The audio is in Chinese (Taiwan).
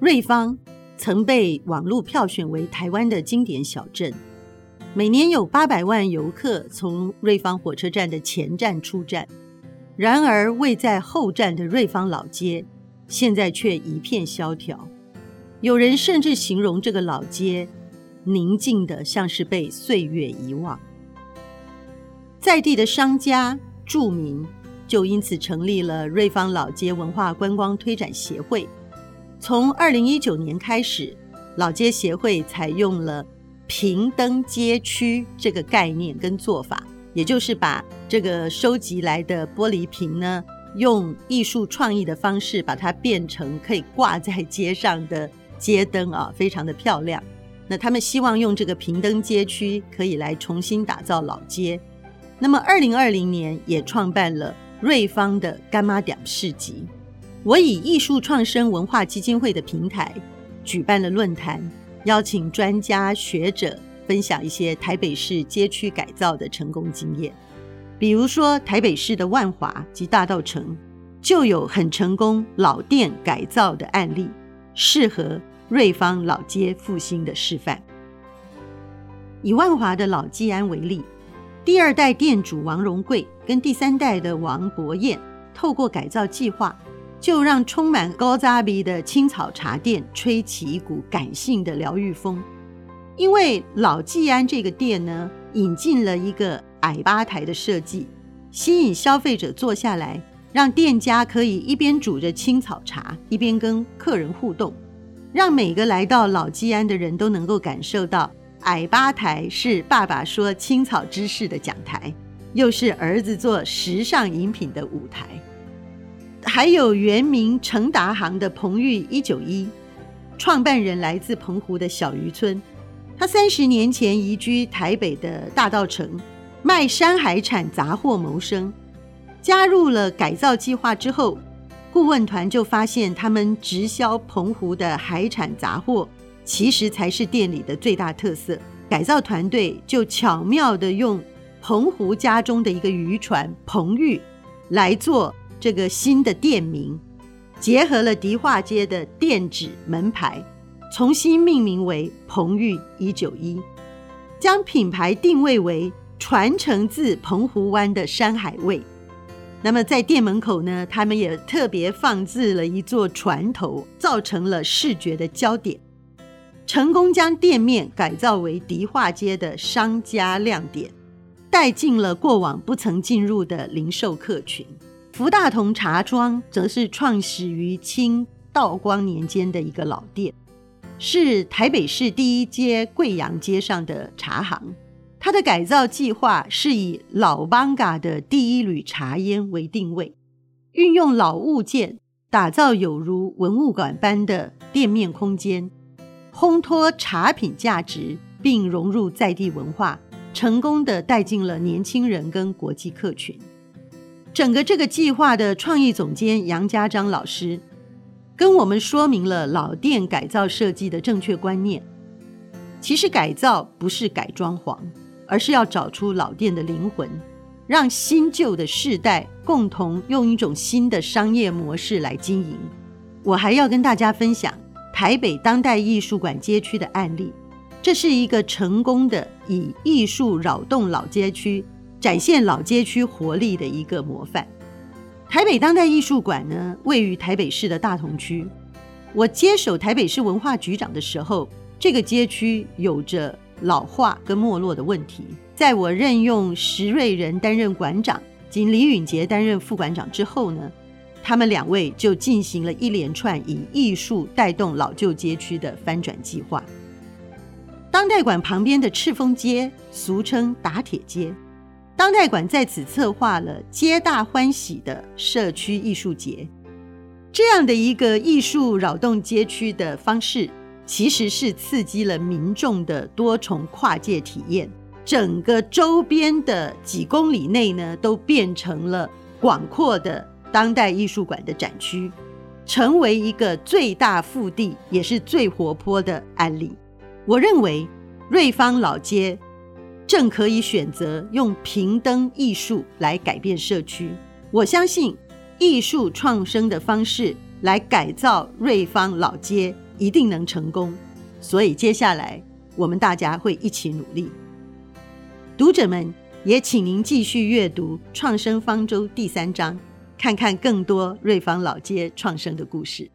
瑞芳曾被網絡票選為台灣的經典小鎮，每年有八百萬遊客從瑞芳火車站的前站出站，然而位在後站的瑞芳老街，現在卻一片蕭條。有人甚至形容這個老街寧靜得像是被歲月遺忘。在地的商家住民就因此成立了瑞芳老街文化觀光推展協會。從二零一九年開始，老街協會採用了“瓶燈街區”這個概念跟做法，也就是把這個收集來的玻璃瓶呢，用藝術創意的方式把它變成可以掛在街上的街燈啊，非常的漂亮。那他們希望用這個“瓶燈街區”可以來重新打造老街。那麼二零二零年也創辦了瑞芳的柑仔店市集。我以藝術創生文化基金會的平台舉辦了論壇，邀請專家學者分享一些台北市街區改造的成功經驗。比如說，台北市的萬華及大稻埕就有很成功老店改造的案例，適合瑞芳老街復興的示範。以萬華的老濟安為例，第二代店主王榮貴跟第三代的王柏諺透過改造計劃。就讓充滿高扎比的青草茶店吹起一股感性的療癒風，因為老濟安這個店呢，引進了一個矮吧台的設計，吸引消費者坐下來，讓店家可以一邊煮着青草茶，一邊跟客人互動，讓每個來到老濟安的人都能夠感受到，矮吧台是爸爸說青草知識的講台，又是兒子做時尚飲品的舞台。還有原名成達行的彭玉一九一，創辦人來自澎湖的小漁村，他三十年前移居台北的大稻埕，賣山海產雜貨謀生。加入了改造計劃之後，顧問團就發現他們直銷澎湖的海產雜貨，其實才是店裡的最大特色。改造團隊就巧妙地用澎湖家中的一個漁船彭玉。來做這個新的店名，結合了迪化街的店址門牌，重新命名為“鵬裕一九一”，將品牌定位為傳承自澎湖灣的山海味。那麼在店門口呢，他們也特別放置了一座船頭，造成了視覺的焦點，成功將店面改造為迪化街的商家亮點。帶進了過往不曾進入的零售客群。福大同茶莊則是創始於清道光年間的一個老店，是臺北市第一街貴陽街上的茶行。它的改造計劃是以老艋舺的第一縷茶煙為定位，運用老物件打造有如文物館般的店面空間，烘托茶品價值，並融入在地文化。成功的帶進了年輕人跟國際客群，整個這個計劃的創意總監楊家章老師跟我們說明了老店改造設計的正確觀念。其實改造不是改裝潢，而是要找出老店的靈魂，讓新舊的世代共同用一種新的商業模式來經營。我還要跟大家分享台北當代藝術館街區的案例。這是一個成功的以藝術擾動老街區、展現老街區活力的一個模範。台北當代藝術館呢，位於台北市的大同區。我接手台北市文化局長的時候，這個街區有着老化跟沒落的問題。在我任用石瑞仁擔任館長、及李允杰擔任副館長之後呢，他們兩位就進行了一連串以藝術帶動老舊街區的翻轉計劃。當代館旁邊的赤峰街，俗稱打鐵街。當代館在此策劃了“皆大歡喜”的社區藝術節，這樣的一個藝術擾動街區的方式，其實是刺激了民眾的多重跨界體驗。整個周邊的幾公里內呢，都變成了廣闊的當代藝術館的展區，成為一個最大腹地，也是最活潑的案例。我認為瑞芳老街正可以選擇用瓶安燈藝術來改變社區。我相信藝術創生的方式來改造瑞芳老街一定能成功。所以接下來我們大家會一起努力。讀者們也請您繼續閱讀《創生方舟》第三章，看看更多瑞芳老街創生的故事。